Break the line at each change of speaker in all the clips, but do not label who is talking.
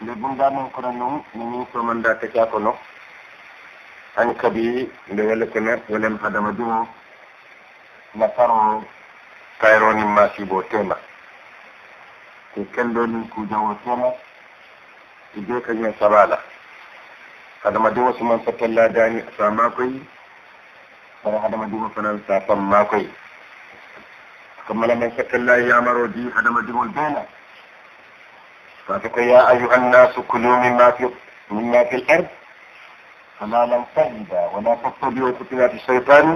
le bundamen kono noon minin somanda teca kono an kadi nde welle kono welen hadama dumo nafaro kayroni masibo tema ko kendonin kujawo tema e be kañum sabala hadama dumo suman fattalladani sa makoy kono hadama dumo fanan sa fam makoy ko mala men fattallahi yamaro di hadama dimol bena فاتك يا أيها الناس كلوا مما في مما في الأرض لم تجد ولا تتبعوا فتنات الشيطان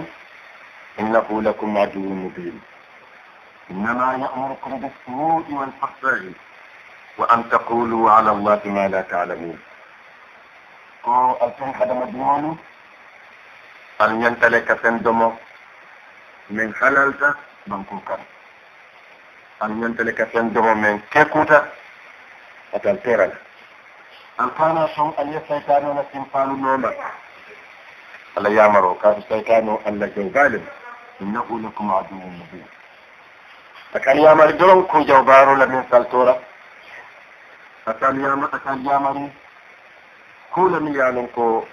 إنه لكم عدو مبين إنما يأمركم بالسوء والفحشاء وأن تقولوا على الله ما لا تعلمون ko alfin hadama dumonu an yantale ka sen domo min halalta bankukan an yantale ka sen domo min kekuta atan torala alkana ton aliye saytano na simfanu noma ala yamaro kaatu saytano allah jawgalem innahu lakum aduwun mubin akan yamari doron ko jawbaro la min saltora akan yama akan yamari kula mi yanon ko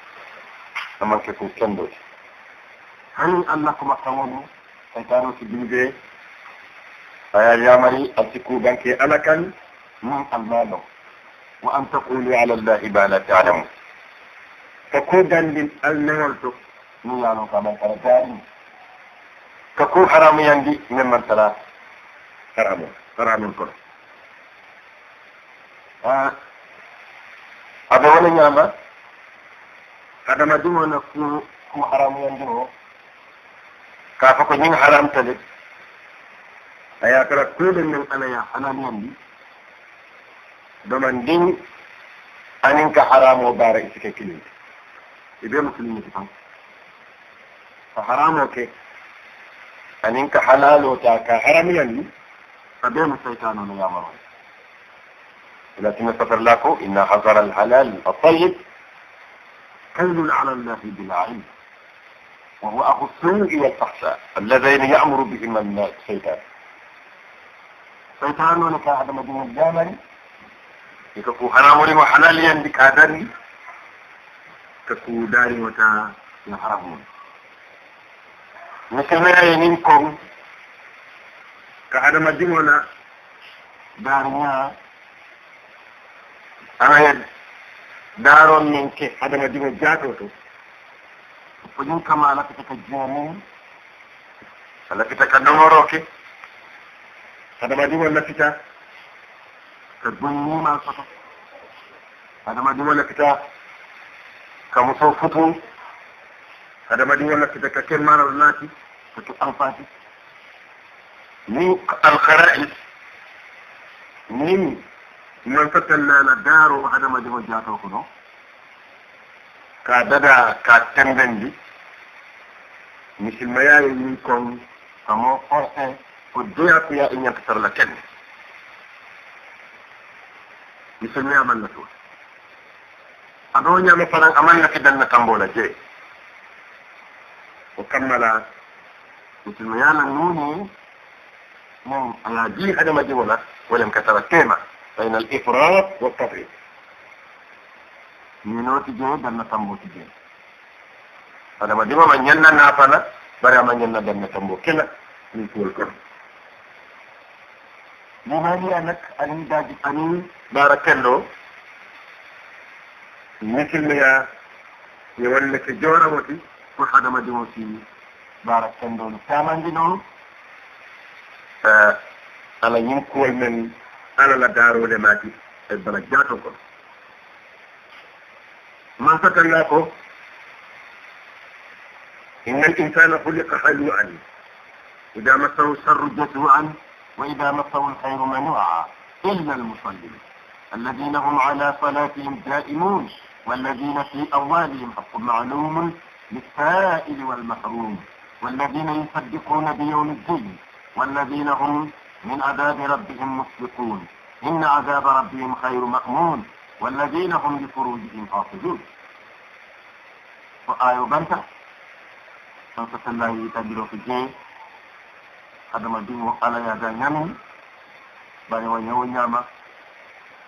amanke ko kendo hanin allah kuma tawonu saytano si bimbe aya yamari atiku banke alakan من الله وأن تقولوا على الله ما لا تعلمون ككو دندن النورتو من يالو كمان كرتاري ككو حرام يندي من من تلا حرامي حرام كله آه أبو ولا نعمة هذا ما دون نكو كو حرام يندي كافكو نين حرام تلي أيا كلا كل من أنا يا حلال يندي بمن دين أنك حرام وبارئ إسكا كلمت يبيا مسلم تفهم فحرام وكي أنك حلال وتاكا حرام يعني فبين مسلمين يا مرون إلا سنستفر لكو إن حضر الحلال الطيب كل على الله بلا علم وهو أخو السوء والفحشاء الذين يأمر بهما الناس شيطان شيطان ولك أحد مدينة الجامعة ikaku haramoɗimo halali yandi ka dari kaku darimo ta no haramum mi semeyaye nin kon ka adama dimola daruma anaye daron min ke adama dimo jaato to ko ɗum kama a lappita ka joomum a lappita ka dogoroke adama dimo lappita تدبني ما سطو هذا ما دول كتا كمصو فتو هذا ما دول كتا ككير مانا رناتي فتو أنفاتي نيك الخرائط نيني من فتلنا لدار وهذا ما دول جاتو كنو ka dada ka tembendi misilmaya ye min kon kamo orsin ko doya kuya i ñanta sarla kenne يسميها من نتول أدوني مثلا أمان يكيدا نتنبولا جي وكمل يسميانا نوني من على جي هذا ما جيونا ولم كتب كيما بين الإفراط والتفريط ينوتي جي دنا تنبوتي جي هذا ما جيونا من ينا نافلا برا من ينا دنا تنبو كلا نقول كم momaliya nak ani daji ani bara kello nekilleya yo walleke jorawoti ko hadama dimo si bara kello no tamandi noon ala yimkuwol men ala la darode maaki e bana jato kon man sakalla ko inna al insana huliqa halu'an ida massahu sharru jatu'an وإذا مسه الخير منوعا إلا المصلين الذين هم على صلاتهم دائمون والذين في أموالهم حق معلوم للسائل والمحروم والذين يصدقون بيوم الدين والذين هم من عذاب ربهم مصدقون إن عذاب ربهم خير مأمون والذين هم لفروجهم حافظون وآية بنتا صوت الله يتبرو في الجيش adamadiŋo ala ye da ñami bari wo ñewo ñama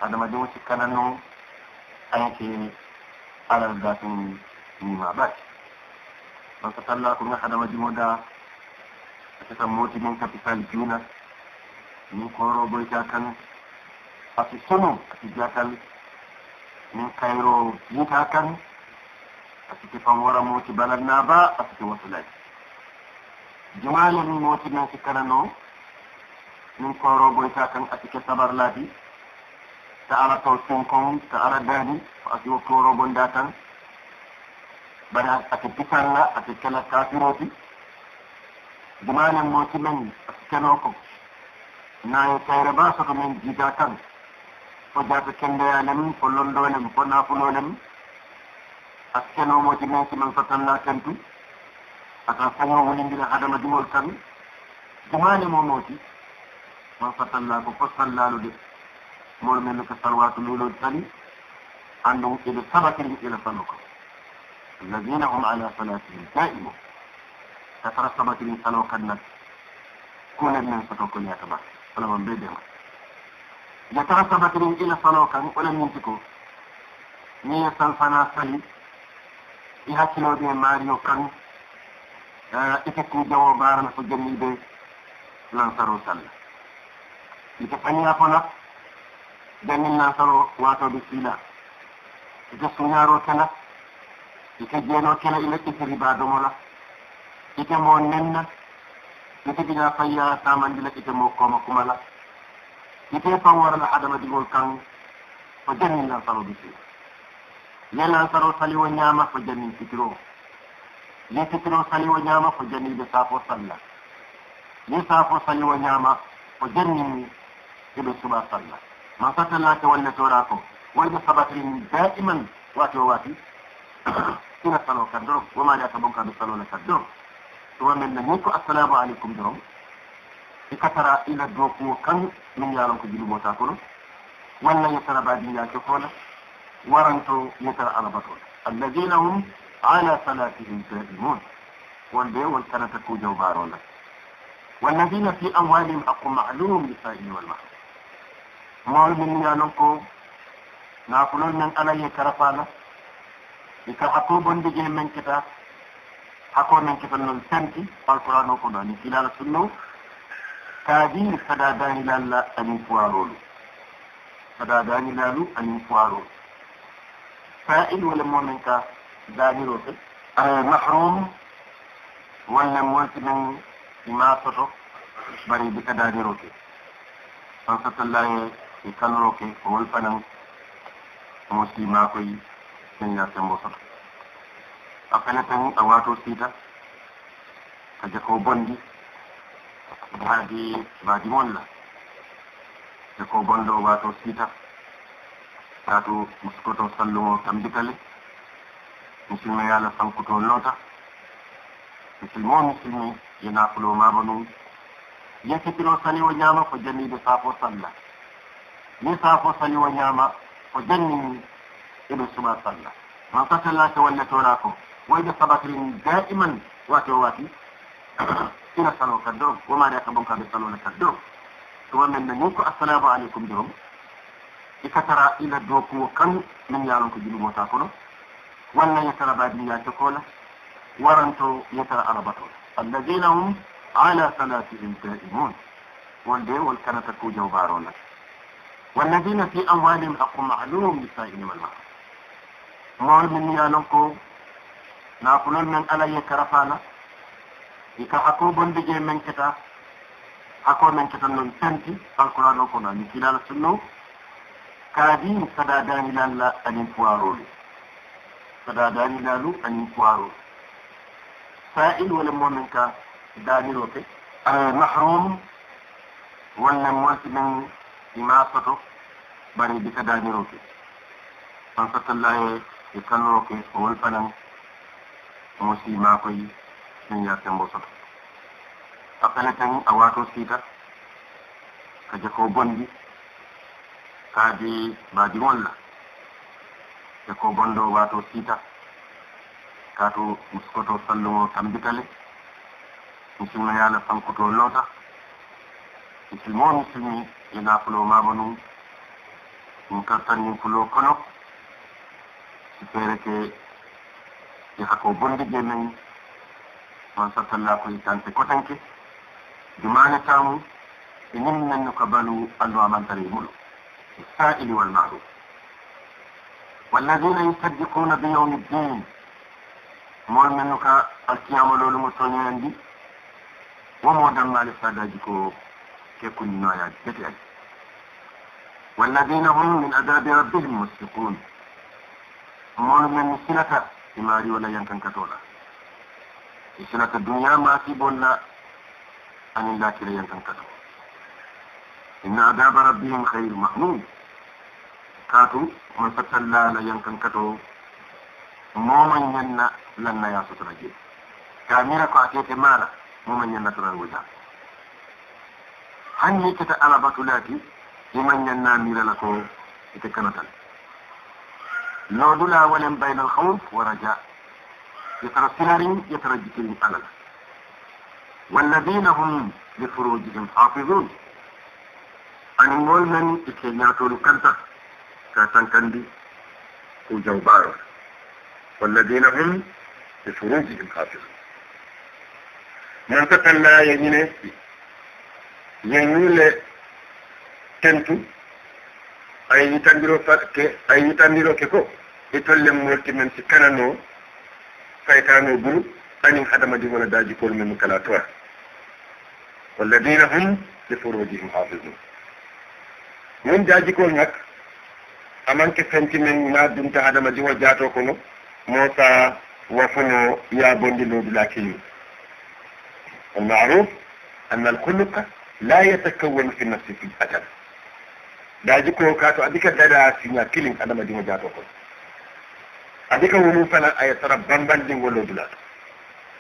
adamadiŋo sikkana no aye ke alal datin ñima bati donc talla ko nga adamadiŋo da aketa mooti min capital juuna min koro boyta kan asi sonu asi jatal min kayro yuta kan asi kefan wara mooti balal na ba asi ke wasulaji jumaañol min mo timen sikkala noon min koroboyta kan atike sabar laabi ta ala to sinkon ta ala daani ko aki wo korobonda tan bari ake pisalla ake kela kafiroti jumaañol mo timen aki keno ko naye kayre ba soto min jiga tan fo jata kendeyalem fo londolem mo nafunolem aki kenomo timen simen sotanna kentu ata faŋo wonindila hadamadiŋol kami duŋaani mo nooti man fatalla ko fo sallaalu de moolu men ko salwaatu luulol tali anndu eɓe sabatiri ila sallu ko alladina hum ala salatihim daimun tatara sabatirin salo kan nan kulen men soto ko ñata ba wala man be dema yatara sabatirin ila salo kan wala min tiko ni salfana sali i hakkilode mario kan تفكر دو بارنا في جميع دي لانسارو سال لتفعني أفنا جميع لانسارو واتو بسيلا لتفعني أرو كنا لتجينو كنا إلا إفري بعد مولا لتمو نمنا لتجينا فيا سامن بلا إتمو قوم كمالا لتفعني أرو لحدنا دي ملكان فجميع لانسارو بسيلا لانسارو سالي ونعمة فجميع فكرو ليتكرهوا صلي ونعمة فجني بساف وصلى ليساف وصلي ونعمة فجني كبه صلى ما صلى الله تولى توراكم وإذا صبتهم دائما واتي وواتي إن صلوا كدرم وما لا تبنك بصلوا لكدرم ومن نميك السلام عليكم درم ikatara ila doku kan min yaron ko jilu mota kono walla yatara badi ya ko kono waranto yatara arabato alladhina على صلاتهم سائمون wonde won sanata kuujaw mbaarola walladina fi amwalihim haqqu maalumum lisaili walmahrum mool min niya noon ko naakulol men alaye karafala ika hakko bonde je men keta hakko men ketal noon santi alquran o ko ɗo ani filala sunno kaadi sada danilalla anin foirolu sada danilalu anin foirolu sa'il wala momen ka جاهل محروم wannan mulkin imafiro bari bika dadi roke an satallaye ke kan roke ko wolfanan musi ma koy sen ya sen bosot a fene tan a wato sita ka je ko bondi baadi baadi molla je ko bondo wato sita tatu muskoto sallumo tambitale musilma ala sankuto lota musilmo musilmi yana kulo ma banu ya kitiro sali wa nyama ko janni da safo salla ni safo sali wa nyama ko janni ibe suma salla man qatala ta walla torako wai da sabatrin da'iman wato wati ina salo kaddo wa ma da ka bunka da salo na kaddo to wannan nan muku assalamu alaikum dum ikatara ila doku kan min yaron ku jibi mota kono ولا يترى بادليا تقول ورنتو يترى أربطو الذين هم على صلاتهم دائمون والدي والكنة كوجو بارونا والذين في أموالهم حق معلوم للسائل والمحروم مول من يالنكو ناقلون من ألا يكرفانا إكا حكو بندجي من كتا حكو من كتا نون تنتي القرآن وكنا نكلا لسنو كادين سدادان لان لا kada dani lalu anin kuwaro sa'il wala momen ka dani rote mahrum wala mwasilin ima soto bari bika dani rote an satallaye e kalloke o wolfanan omo sima koy min ya sembo soto a fele tan a wato siita ka jako bondi kaadi baadi wolla e ko bonɗo wato siita kato mi sukoto sallumo tambitale musilma yaala fankoto loota musilmo musilmi e nafulo maba num ɗum kartannin fulo kono si feere ke e hako bonde je nayi man sattalla ko ittante kotanke jumane tamu e nimminanno ko balu allu amantare muɗum sa'ili wal ma'ruf والذين يصدقون بيوم الدين مؤمنك القيام لولو مسلمين ومو دم على فداجكو ككن نوايا جتي والذين هم من عذاب ربهم مشفقون مؤمن سلكا إماري ولا ينكن كتولا سلكا الدنيا ما في بولا أن الله كلا ينكن كتولا إن عذاب ربهم خير مأمون kaatu mo fatalla la yankan kato moma nyanna lanna ya sutura je kamira ko akete mala moma nyanna tunan wuja hanni kata alabatu lati iman nyanna mira la ko ite kanatal lodula walam bayna al-khawf wa raja yatara sinarin yatara jikin alal والذين هم لفروجهم حافظون أن المؤمن إتلاتون كنتك كندي كاتنكندي كوجوبار والذين هم لفروجهم حافظون منطقة لا يجنيه ينيل تنتو أي نتنبرو فاتك أي نتنبرو كيكو يتولم مرتي من سكنانو فايتانو برو أن ينخدم دي ولا داجي كل من مكالاتوا والذين هم لفروجهم حافظون من داجي كل نك amanke fenti men na dunta adama jiwo jato kono mosa wafuno ya bondi lodi lakini المعروف أن الخلق لا يتكون في النفس في أجل داجي كو كاتو أديك دادا سينا كيلين أدما دي مجاتو كون أديك ونو فلا أي ترى بمبان دي ولو دولات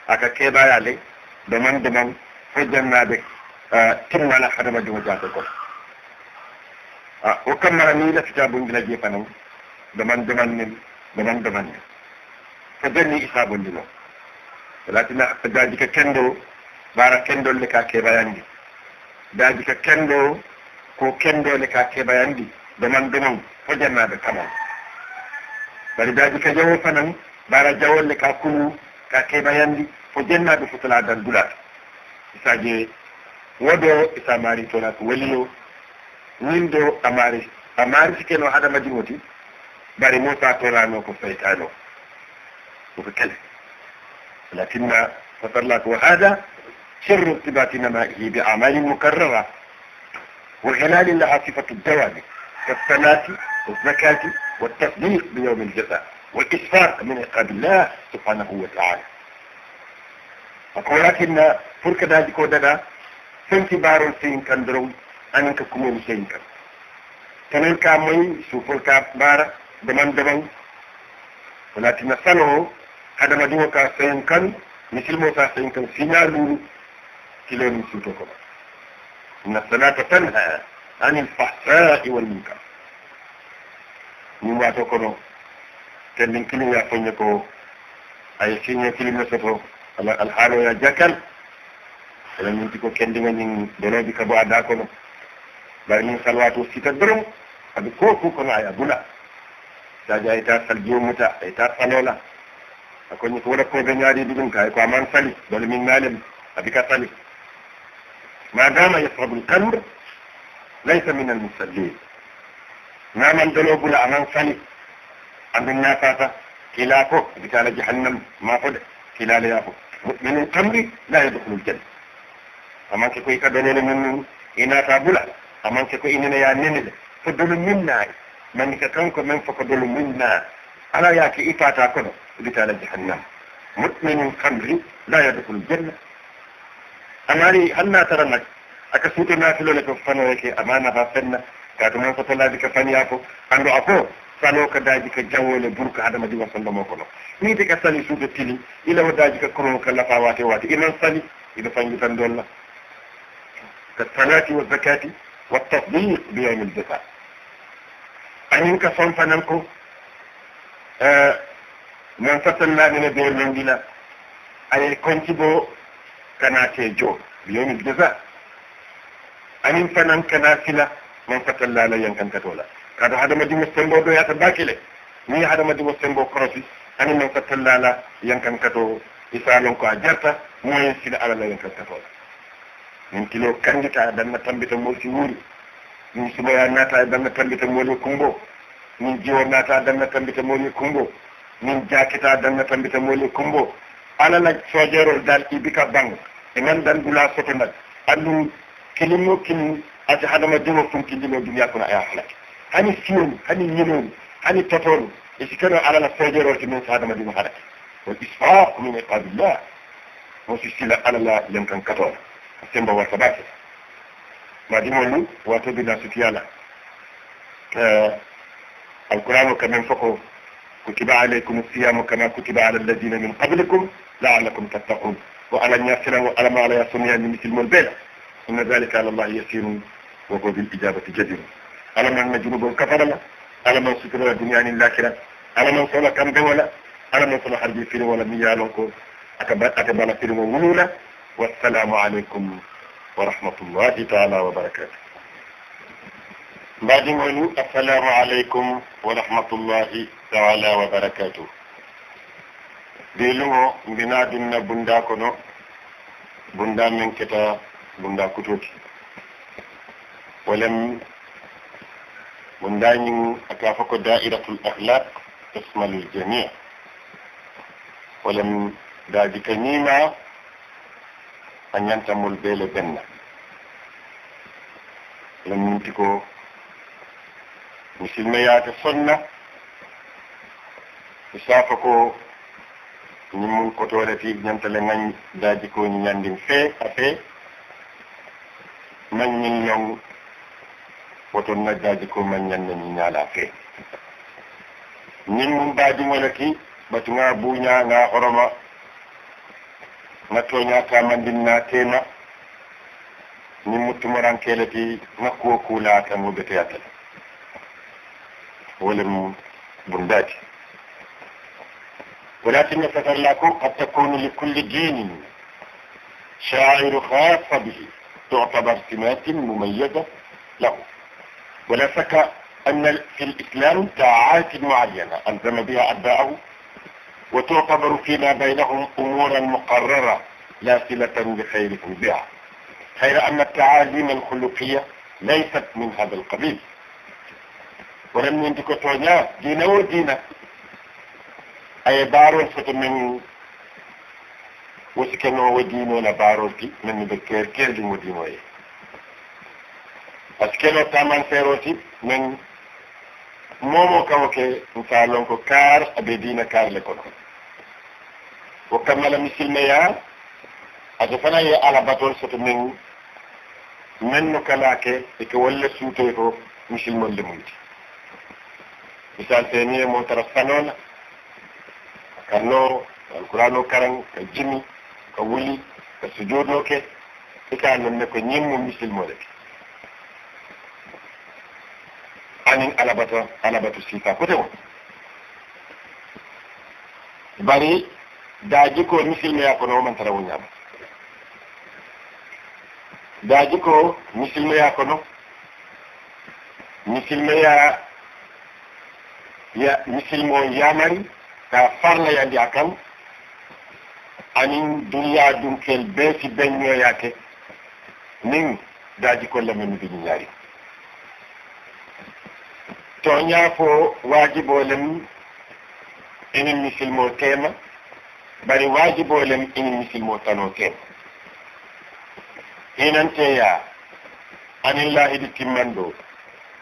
أكا كيبا يالي دمان دمان فجرنا بك تمنا لحدما دي مجاتو كون Ah, o kammara ni lattitaabol ina jeefanam doman domannin doman domannin ko dani isaabondi noo latina ko daaji ka kendoo baara kendolle ka keebayandi daaji ka kendoo ko kendole ka keebayandi doman domon fo jannaaɓe kamon bari daaji ka jawo fanan baara jawolle ka kulu ka keebayandi fo jannaaɓe fotolaadan dulata isaaje wodoo isa maari tolaa ko weliyo min do amari amari sikeno hadamadi woti bari mo fatorano ko feytano وفي كذب لكن فطر لك وهذا شر ارتباط نمائه بأعمال مكررة وغلال لها صفة الدوام كالصلاة والزكاة والتصديق بيوم الجزاء والإسفاق من عقاب الله سبحانه وتعالى ولكن فرك ذلك ودنا فانتبار سين كندرون anin ka kuma mi sen jam tanen ka moy su fol ka bara daman daman wala tina salo adama duwa ka sayin kan misilmo ka sayin kan sinya luru kilo ni su to ko inna salata tanha anil fahsa'i wal munkar ni wa to kono ten nin kilo ya fanya ko ay sinya kilo na soto ala al halo ya jakal wala min tiko kendi ngani dolobi ka bo ada kono bari min salwato sita dorom aɓe ko fu kono aya bula saji a yita sal jomuta a yita salola akoñi ko waɗa koɓe ñaariɗi ɗum ka ko aman sali dole min naalem abi ka sali ma dama yasrabu lkamre laysa min almusallin naman dolo bula aman sali andum nafata kila ko abi kala jahannam ma fode kilala yafo min alkamri la yadkhulu ljanna amanke koy ka dolole mum inata bula aman ke ko inina ya nenile ko dolu minnayi manni ka kanko men fo ko dolu minna ala yaake itata kono bitala jahannam mutminin kamri la yadkhul janna amari hanna tara nak aka suuto naafilole ko fano yake amana ba fenna kaatu man ko tolaaji ka faniya ko anndu a ko salo ka daaji ka jawole burka adama diwa sallomo kono miite ka sali suuto tili ila o daaji ka kono ka lafa waate waate inan sali ina fangitan dolla ka salati wa zakati والتطبيق بيوم الدفاع أين كصنف نمكو آه من فتن لامنا بيوم المنجلة أي كنتبو كناتي جو بيوم الدفاع أين فنن كناتي لا من فتن لامنا ين كان كتولا كادو هذا مدي مستنبو دو ياتا باكيلي مي هذا مدي مستنبو كروسي أين من فتن لامنا ين كان كتو إسرائيل كو أجرتا مو ينسي لألا ين كتولا min kilo kandita danna tambita mol si wuri min subaya naata danna tambita mol kumbo min jiwo naata danna tambita mol kumbo min jakita danna tambita mol kumbo ala la sojerol dal ibika bang e nan dan dula soto nak andu kilimo kin ati hadama dimo fum kindilo duniya kono aya halak hani fiyon hani ñinoni hani totoni e si kano ala la sojerol ti min sadama dimo halak wal isfaq min iqabillah wosi sila ala la yankan katona asemba warta bake madimol ni watobila sutiyala alkurano kamen foko kutiba alaikum siyamu kama kutiba ala alladina min qablikum laallakum tattaqun wo alan yasiran wo alama ala yasomiya min misilmol beela inna dhalika ala llahi yasiru wa go bil ijabati jadiru alaman na junubol kafarala alaman suturala duniyani lakira ala alaman sola kambe ala man sola harbi firu wala miyalonko akabala firu wa bala wulula والسلام عليكم ورحمة الله تعالى وبركاته بعد مولو السلام عليكم ورحمة الله تعالى وبركاته بيلو بنا دينا بندا كنو بندا من كتا بندا كتوك ولم بندا أكافك دائرة الأخلاق تشمل الجميع ولم دادك نيما a ñantamol beele benna la munti ko mi silma yaade sonna mi saafa ko ñimmun kotoore fi ñantale ŋañ daaji ko ñi ñanndin fee a fee mañ ñin ñong woton na daaji ko mañ ñannde ñi ñaala fee ñimmum baajimo le ki batu ŋa buuñaa ŋa horoma na toñata tema ni ولكن فترلاكو قد تكون لكل دين شاعر خاص به تعتبر سمات مميزة له ولا شك أن في الإسلام ساعات معينة ألزم بها أتباعه وتعتبر فيما بينهم أمورا مقررة لا صلة بخيرهم بها غير أن التعاليم الخلقية ليست من هذا القبيل ولم ينتكو تونيا دينا ودينا أي بارول فتمن وسكنو ودينو لا بارو كي من بكير كير دي ودينو اي تامان فيروتي من مومو كوكي نسالون كار أبي دينا كار لكونا o kammala misilmeya ate fana ye alabatol soto men men no kalake eke walla suutoy to musilmolle mumti misal teni e mo tara sanola ka nooro ka alkurano karan ka jimi ka wuli ka sujudo ke ika nonne ko ñimmo misilmole ke anin alabata alabatu sika kote mo bari daji ko misilme ya kono man tara wunyam daji ko misilme ya kono misilme ya ya misilmo yamari ka farla ya di akam anin duniya dum kel be fi benyo yake nin daji ko la men bi nyaari to nya fo wajibo lem enen misilmo tema bari wajibo lem inin misilmo tano ken hinanteya anin lahidi timmando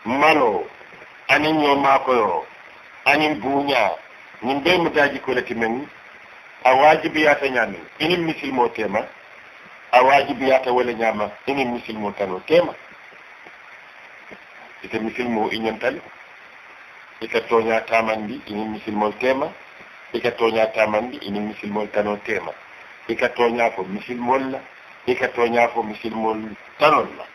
malo anin ñomakoyo ani buuña ñin ɓe mi daji koleti men a yata ñamen inin misilmo tema a wajibiyata wala ñama inin misilmo tano tema ite misilmo iñantale ita toña tamandi inin misilmol tema ika toña tamandi ini misilmol tano tema ika toña ko misilmol la ika toña ko misilmol tanon la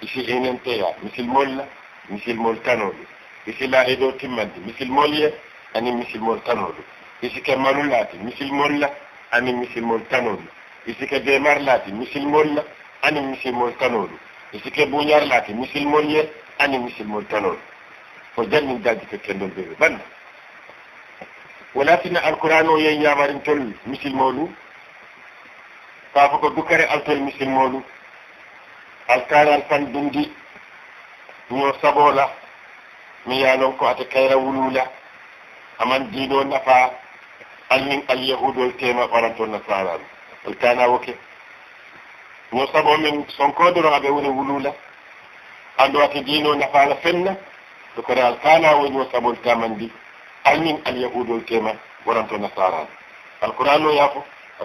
isi enen teya misilmol la misilmol tanolu isi la edo timmandi misilmol ye ani misilmol tanolu isi ke manulati misilmol la ani misilmol tanolu isi ke demarlati misilmol la ani misilmol tanolu isi ke buñarlati misilmol ye ani misilmol tanolu ko jannin daji ke kendol bebe banna walatina alquran o yen yamarintol misilmoɗu kaafo ko dukkare altol misilmoɗu alkanal fan dundi ño sabola mi yanon ko ata kayra wulula aman diino nafa almin alyahudol tema ɓaranto nasaraɓe alkana woke ño sabo min sonkodoro aɓe woni wulula ando ata diino nafala fenna dokore alkana woni o sabol tamandi أمين اليهود والكيمة ورمت النصارى القرآن لو يقول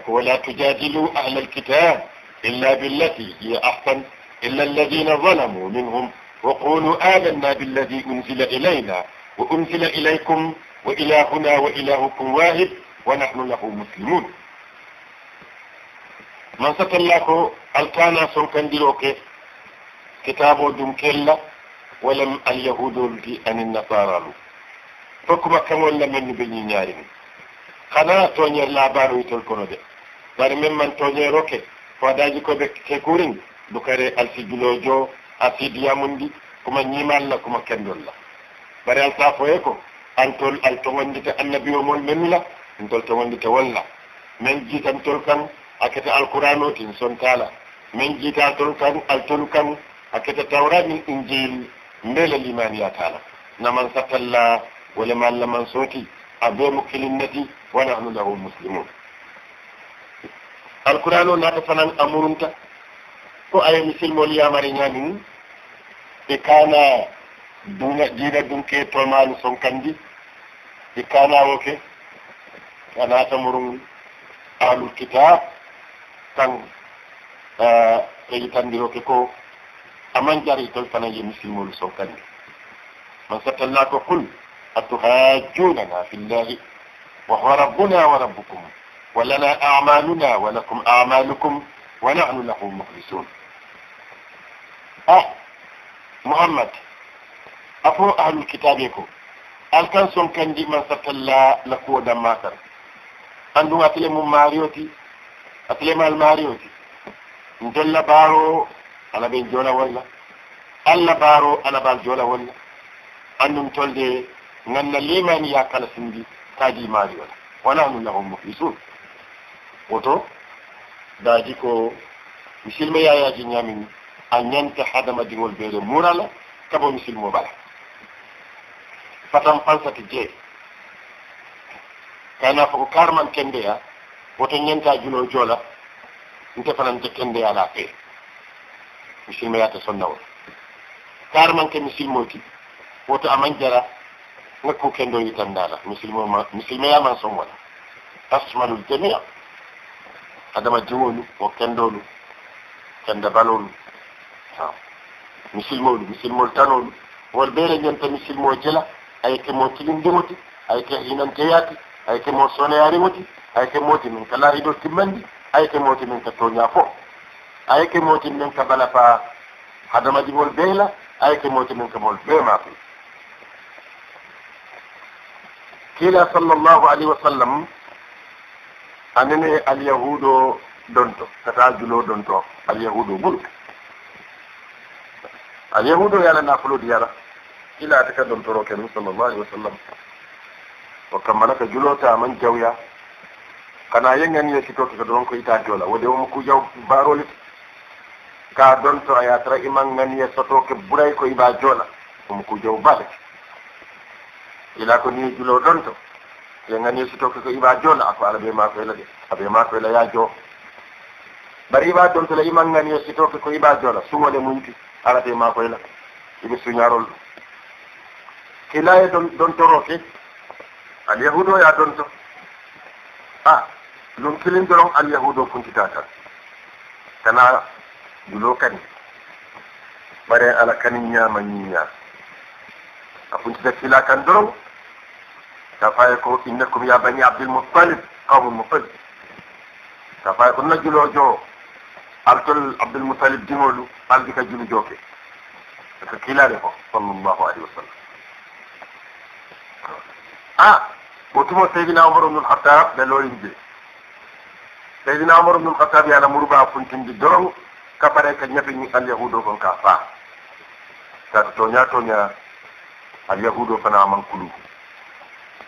ولا تجادلوا أهل الكتاب إلا بالتي هي أحسن إلا الذين ظلموا منهم وقولوا آمنا بالذي أنزل إلينا وأنزل إليكم وإلهنا وإلهكم واحد ونحن له مسلمون من ست الله ألتانا سنكن دلوك كتابه دمكلا ولم اليهود أن النصارى له hokuma kamolla men ɓe ñiñaarimi kana toñer labaɗo witol kono de bari min man toñeroke fadaji koɓe kekurin dukare alsijulojo asidiyamundi kuma ñimalla kuma kendolla bari alsa foye ko antol al togondite annabi o mon menula intol togondite wolla min jiitantol kan akete alqouran o tin sontala min jiitatol kan altol kan akete tawra min injil mbele limaniyatala naman satalla ولما لمن سوتي أبو مكلمتي ونحن له مسلمون القرآن ناتا فنان أمرنتا ko aye misilmol yamari ñamin e kana duna jiina ɗum ke tomani son kandi e kana woke anata murum alul kitab tan e yitandiroke ko aman jari tol fana ye misilmol son kandi man sattallako kul أتهاجوننا في الله وهو ربنا وربكم ولنا أعمالنا ولكم أعمالكم ونحن له مخلصون أه محمد أفو أهل كتابكم أل كان سمكن دي من سبت الله لكو دم ماتر أنه أتلم ماريوتي أتلم الماريوتي ندل بارو أنا بين جولة ولا ألا بارو أنا بين جولة ولا أنهم تولي ganna limani ya kala sindi kadi mari wala wala hum lahum muflisun woto daji ko misilma yayaji ñamini a ñanta hadama diŋol ɓeeɗo murala kabo misilmo ɓala fatan fansati jee kayna fo ko karman kendeya woto ñanta juno joola nte fanante kendeya la fee misilma yata sonna o karman ke misilmoti woto aman jara نكو كندو يتندالا مسلم ما مسلم يا ما سمون أشمل الجميع هذا ما جمول وكندول كندبالول نعم. مسلمول مسلمول تانول والبيرة جنت مسلمول جلا أي كموتين دموتي أي كهينان تياتي أي كموسون ياريموتي أي كموتي من كلا هيدو تمندي أي كموتي من كتونيا فو أي كموتي من كبلا فا هذا ما جمول بيلا أي كموتي من كمول بيما فيه kila sallallahu alaihi wasallam anene alyahudo donto kata julo donto alyahudo bul alyahudo yala nafulodi yala ila taka dontoro kenu sallallahu alaihi wasallam o kammalaka julota man jawya kana yengani ye sitoki ka doron ko ita jola wode womo ku jaw baroli ka donto a yatara iman ngani ye sotoke buray ko iba jola womo ku jaw balake ila ko ni julo ɗon to te gani so tokki ko iba joola ako ala ɓe mako ela de aɓe mako ela ya joo bari iba ɗon tola iman gani so tokki ko iba joola suwole mumti ala ɓe mako ela iɓe suñarol ɗum kilaye ɗon ɗon toroke alyahudo ya ɗon to a ɗum kilin doron alyahudo kuntita tan kana julo kani bare ala kani ñama ñiña أكون أكنت كلا كندرو كفايكو إنكم يا بني عبد المطلب قوم مطلب كفايكو نجلو جو أبتل عبد المطلب جنولو قال قلبك جلو جوكي كلا لكو صلى الله عليه وسلم آه وتمو سيدنا عمر بن الخطاب دلولين جي سيدنا عمر بن الخطاب يالا مربع فنتين دي درو كفايكو نفي اليهود فنكا كفا كاتو نياتو نياتو alyahudo fana man kulu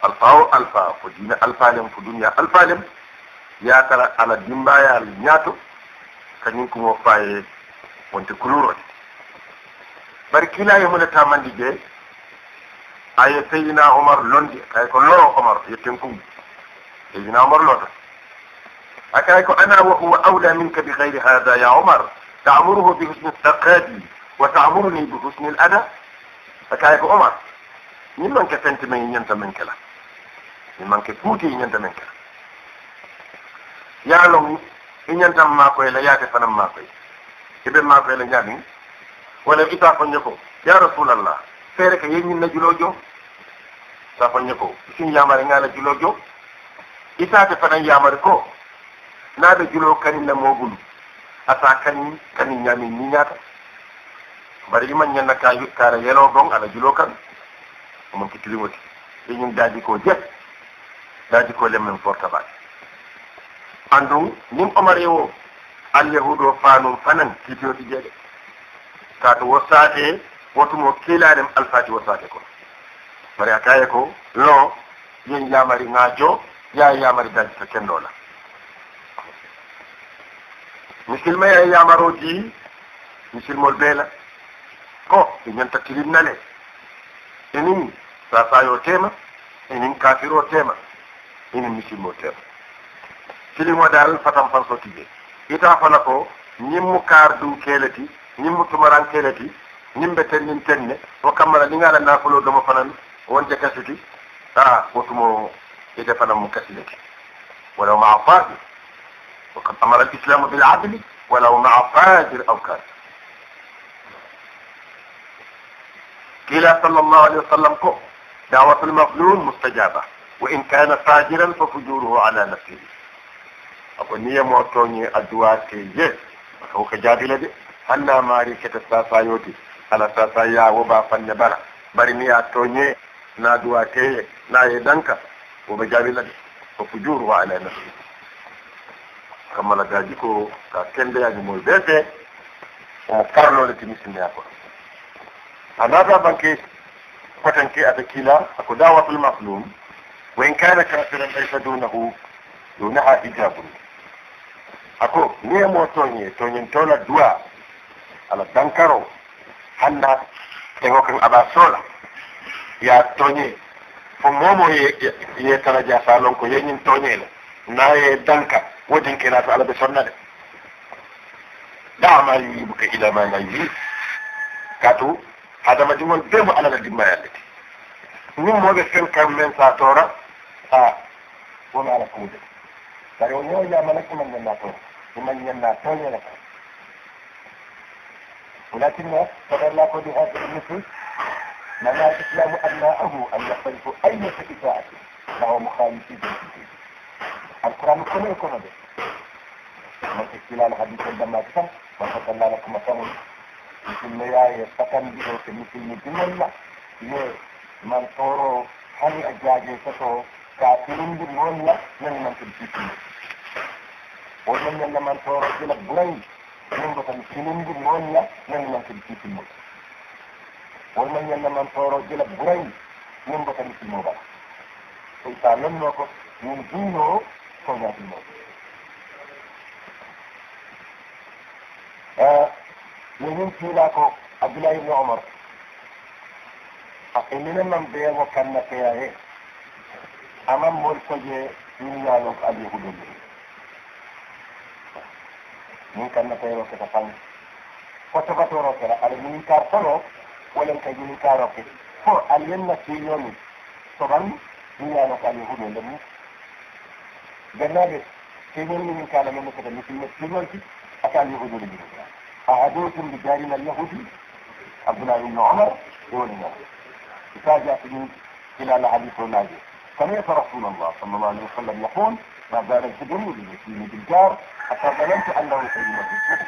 alfa o alfa ko dina alfalem ko duniya alfalem yatara ala dimbayal ñaato kañum kumo faye wonte kulurode bari kilaye mune tamandi je aye seyina omar londi kay ko loro omar yetten kum seyina omar lota akay ko ana wa huwa awla minka bi gayri hada ya omar ta'muruhu bi husni altaqadi wa ta'muruni bi husni alada akay ko omar min manke fenti men ñanta men kela min manke fuuti ñanta men kela yaalon i ñantam maa koy la yaate fanam maa koy ibe maa koy la ñaamin wala ita fonñe ko ya Rasulullah, feere ka yeñin na juloo jo sa fonñe ko sin yamare ngaa la juloo jo itaate fanan yamare ko naaɓe juloo kanin na moogulu ata kanin kanin er ñaamin ni ñaata bari iman ñanna ka kaara yeloo gon ala juloo kan omin kitilimote e ñin daadi ko jet daadi ko lemmen portabal andu nin omar e o alyahudo fanum fanan kitiyoti jeeɗe kato wossate wotumo kiilaɗem alfati wossate kon mari a kaye ko lo yen yamari ŋaajo ya yamari daadi to kendola misilma ya yamaroji misilmol beela ko ɓe ñanta tilimnale enin safayo tema enin kafiro tema enin misilmo tema silimo dal fatan fanso tije ita fana ko ñimmu kaar dum keeleti ñimmu tumaran keeleti ñimbe ten nin tenne o kammala ni ngala naafolo domo fanan wonte kasiti a wotumo ite fanan mo kasileti walaw maa faadir وقد أمر الإسلام بالعدل ولو مع فاجر أو كافر قيل صلى الله عليه وسلم كو دعوة المظلوم مستجابة وإن كان فاجرا ففجوره على نفسه أقول نية موتوني الدعاء كي هو كجابي لدي أنا ماري كتساسا يوتي على ساسا يا وبا فن bari ni نية توني na duwa teye na ya danka لدي ففجوره على نفسه كما لقاجيكو كاكين ala nafsi ومقارنو gaji ko ka another banke patanke atakila ako dawatul maslum wa in kana kafiran laysa dunahu dunaha ijabun ako nemo toñe toñin tola dua ala dankaro hanna tego kan abasola sola ya toñe fo momo ye ye tara ja salon ko yeñin toñele na ye danka wodin kila to ala be sonna de da ma yibu ke ila ma yibu katu hadamadiŋol bee mo ala la dimbayande ti ñiŋ moo be feŋ kaŋ meŋ saa toora a wo me ala kuude bari wo ñoo ñaama la kimaŋ ñaŋ naa toora kimaŋ ñaŋ naa tooñe le kaŋ ولكن فلا لا قد هذا النفس منع الإسلام أبناءه أن يختلفوا أي إساءة فهو مخالف للدين القرآن كله يكون به من استلال حديث الدمات كم وقد الله لكم قوم musulmaya yo sakandi o so musulmi dumalla yo man toro hani a jaaje soto ka firindi molla nan man to jikki o nan nan man toro gila burai nan ba tan firindi molla nan man to jikki mo o nan nan man toro gila burai nan ba tan firindi molla sai ta nan no ko mun dino ko ya dino eh wonin fiila ko abdoulahi ibne omar par ah, ce eh. que minen man ɓeego kanna feya he aman mori que ɗumyalon ko abi huɗolle min kanna feyro el fan que, tobatoro kera ala minin kar kono wolen kay minin karoke fo el el أعدوكم بجارنا اليهودي عبد الله بن عمر دوننا في خلال حديث ناجي سمعت رسول الله صلى الله عليه وسلم يقول ما زال الجبن يسلم بالجار حتى ظننت انه سلم بالجبن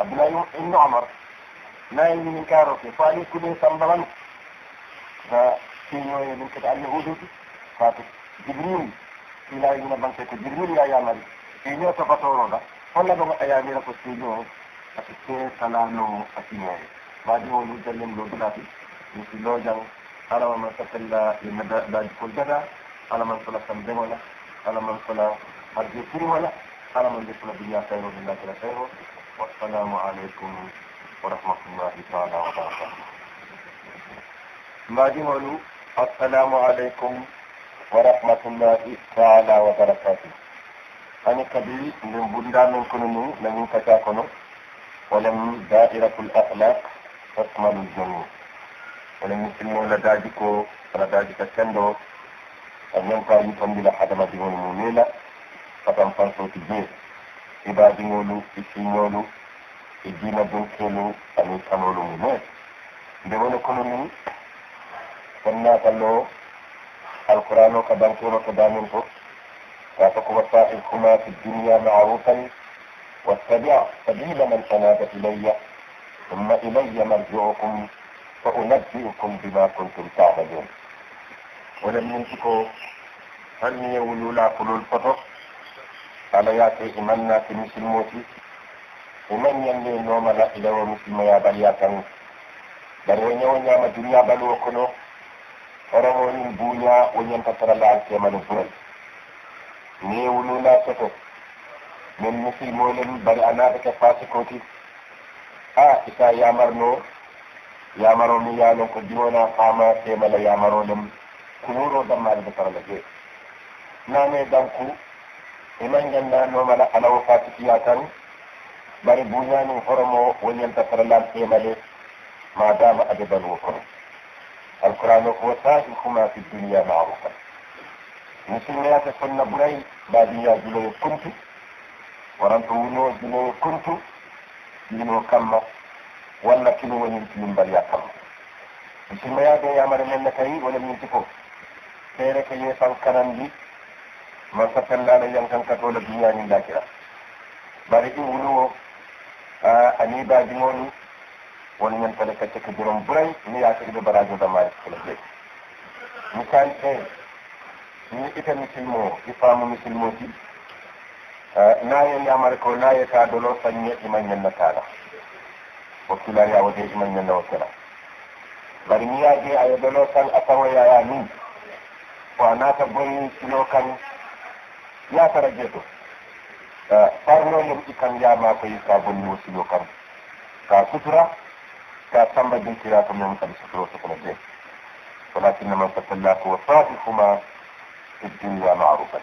عبد الله بن عمر ما من كارو في صالح كل انسان ظلمت فكينو من كتاب اليهود فاتت جبريل إلى يوم بنتك جبريل يا يامري كينو تفتورنا ولا بما أيامي لكو سينو katika salano atimaye baadi wolu jallem lo dulati misi lo jang alama man satella yimɓe daji koltata alaman sola samdem wala alaman sola arde furi wala alaman de sola duña kayro de lakira kayro wassalamu aleykum wa rahmatullahi taala wa barakatuh mbaadi wolu assalamu aleykum wa rahmatullahi taala wa barakatuh ani kadi nden bundamen kono nu namin kaca kono ولم دائرة الأخلاق تشمل الجميع ولم يسلم ذلك لداجكو ذلك السندو أن ينقى يتم بلا ما دون مميلة فتن فرصو تجير إبا دينولو إسينولو إجينا دنكيلو أن يتمولو مميلة ديون كلني فنا تلو القرآن كبانكورو كبانين فوق واتقوا الصاحب في الدنيا معروفا واتبع سبيل من أناب إلي ثم إلي مرجعكم فأنبئكم بما كنتم تعملون ولم ينسكوا هل يولوا لا قلول فضل على ياتي إمنا في مثل موتي ومن يلي نوم لا إلى ومثل ما يابل ياتن بل ونيو نعم الدنيا بل وكنو ورمو ينبونا ونين تترى لعنك يمن فرد نيولوا لا تفضل من مسلمون بل أنا بك فاسكوتي آه إسا يامرنو يامرون يالون قدونا قاما سيما لا يامرون كورو دم مال بطر لجي نامي دمكو إمان جنة نومالا على وفاتك ياتن بل بنيان فرمو ولين تفر لان سيما لي ما دام أجبا وفر القرآن هو تاريخ في الدنيا معروفا مسلمات سنة بني بعد يجلو كنتي waranto wuno dino kuntu dino kamma walla kino woni tilin bariya kamma musulma ya ga yamar men na kai wala min tifo tere ke yesan kanandi man sa tella da yankan ka to da duniya ni lakira bari in wuno a ani ba dingoni wani yan tale ka take duron burai ni ya take da barajo da mai kulbe misali eh ni ita musulmo ifamu musulmoti naye yamare ko naye ta dolo sanye iman nyanna tala wakila ya wade iman nyanna wakila bari ni ya je ayo dolo san asawa ya ya ni ko anata boni kilo kan ya tara jeto farno mun ikan ya ma kai ka boni wasilo kan ka sutura ka samba din kira to mun kan sutura to kuma je walakin man fatallaku wa sahihu ma في الدنيا معروفا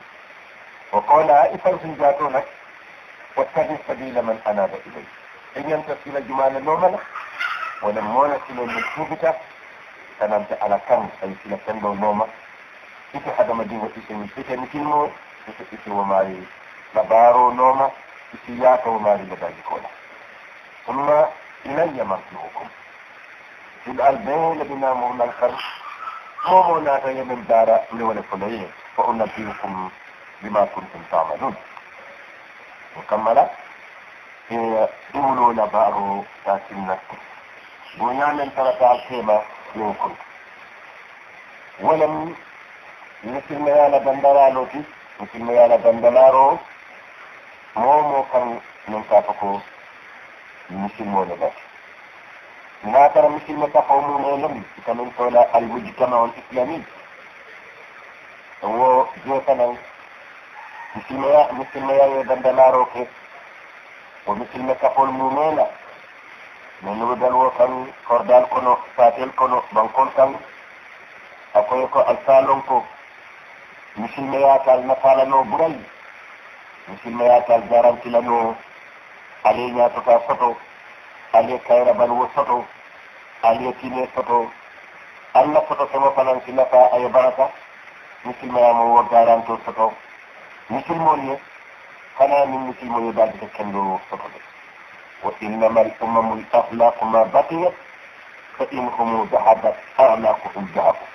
وقال عائشة زنجاتونك واتبع سبيل من أناب إليه إن ينتصل جمال النومنة ونمونا نسل المكتوبة كان على كم سيسل سنبو نومة إذا حدا مدينة إسم إذا نكلمو إذا إسم وماري لبارو نومة ياك وماري لباري كولا ثم إلي مرضوكم في الألبين لبنا مونا الخرش مومو ناتا يمن دارا لولا فأنا فأنبئكم بما كنتم تعملون وكمل إولو إيه، لبارو تاكلنا بنيان تركع الكيمة يوكل ولم مثل ما يالا بندرالوكي مثل ما يالا بندلارو مومو كان من كافكو مثل مولى بس لا ترى مثل ما تقومون إلهم كمن قول الوجتمع الإسلامي هو جوتنا misilmeya misilmeya ye bandalaro ke wo misilme kafol mumena no nurudal wo kan kordal kono satel kono bankol kan akoye ko alsalon ko misilmeyatal nafalano bural misilmeyatal jarantilano ale ñatota soto ale kayrabal wo soto ale tine soto allah soto somo fanan si nafa aye baraka misilmeyamo wo garanto soto مسلمونية يه هنا من مسلمون بعد تكلوا فقط وإنما الأمم الأخلاق ما بقيت فإنهم ذهبت أخلاقهم ذهبوا